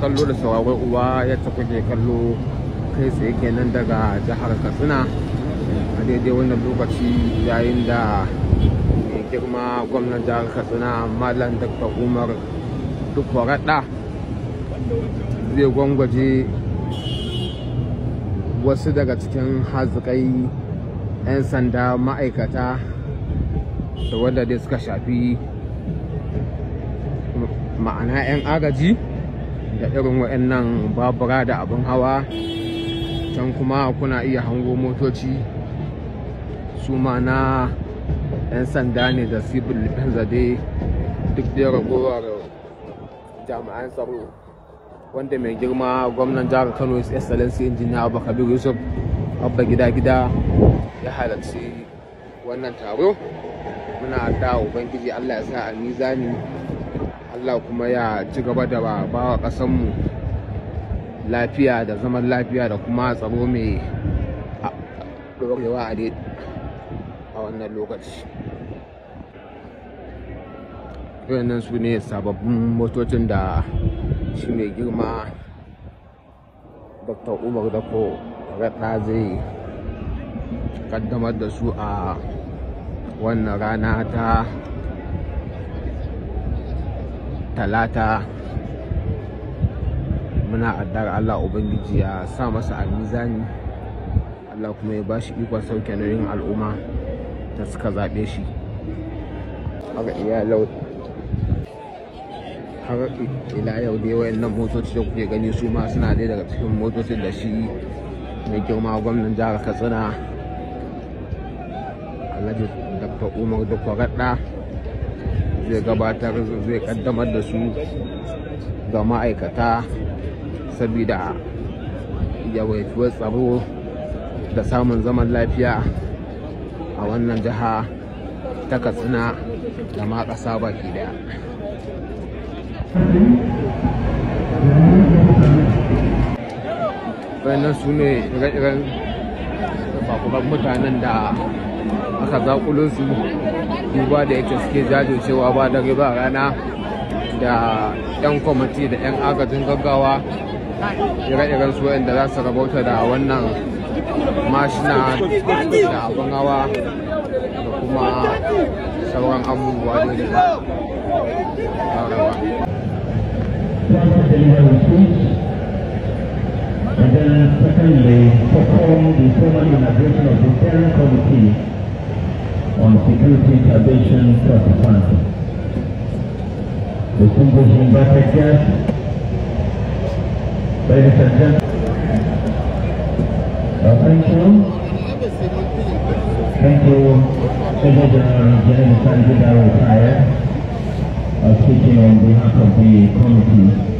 kallo da sauraron uwa yadda kuke kallo kai tsaye kenan daga jihar katsina a daidai wannan lokaci yayin da mai girma gwamnan jihar katsina malam Duk umar dukwaraɗa zai gwangwaje wasu daga cikin hazikai 'yan sanda ma'aikata da wadda dai suka shafi ma'ana 'yan agaji da irin wa'annan babura da abin hawa can kuma kuna iya hango motoci su ma na 'yan sanda ne da civil defense dai duk da ragowar jami'an tsaro wanda mai girma gwamnan jihar kano his excellency injiniya kabir yusuf abba gida gida ya halarci wannan taro muna da ubangiji allah ya sa a mizani Allah kuma ya ci gaba da ba wa ƙasanmu lafiya da zaman lafiya da kuma tsaro mai ɗorewa a wannan lokaci wayannan su ne sababbin motocin da shi mai girma dr umar dako rata zai kaddamar da su a wannan rana ta talata muna addar Allah Ubangiji ya sa masa almizani Allah kuma ya bashi ikon sauke na yin al'umma da suka zaɓe shi haka lau har ila yau dai wayannan motoci da kuke gani su ma suna dai daga cikin motocin da shi mai girma gwamnan jihar katsina allah ya dabba umar da raɗa zai gabatar zai kaddamar da su ga ma'aikata saboda yawaituwar tsaro da samun zaman lafiya a wannan jiha ta katsina da ma ƙasa baki daya bayanan su ne ire-iren mutanen da aka zakulo su duba da yake suke jajircewa ba dare ba rana da 'yan kwamiti da 'yan agajin gaggawa ire-iren su wa'anda za su rabauta da wannan mashina da abin hawa da kuma sauran abubuwa da da will secondly perform the formal inauguration of the Steering Committee on Security Intervention Trust Fund. Distinguished invited guests, ladies and gentlemen, thank you. Thank you, Major General uh, General Sanjay Retired, uh, speaking on behalf of the committee.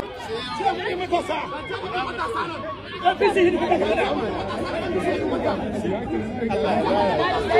Não precisa de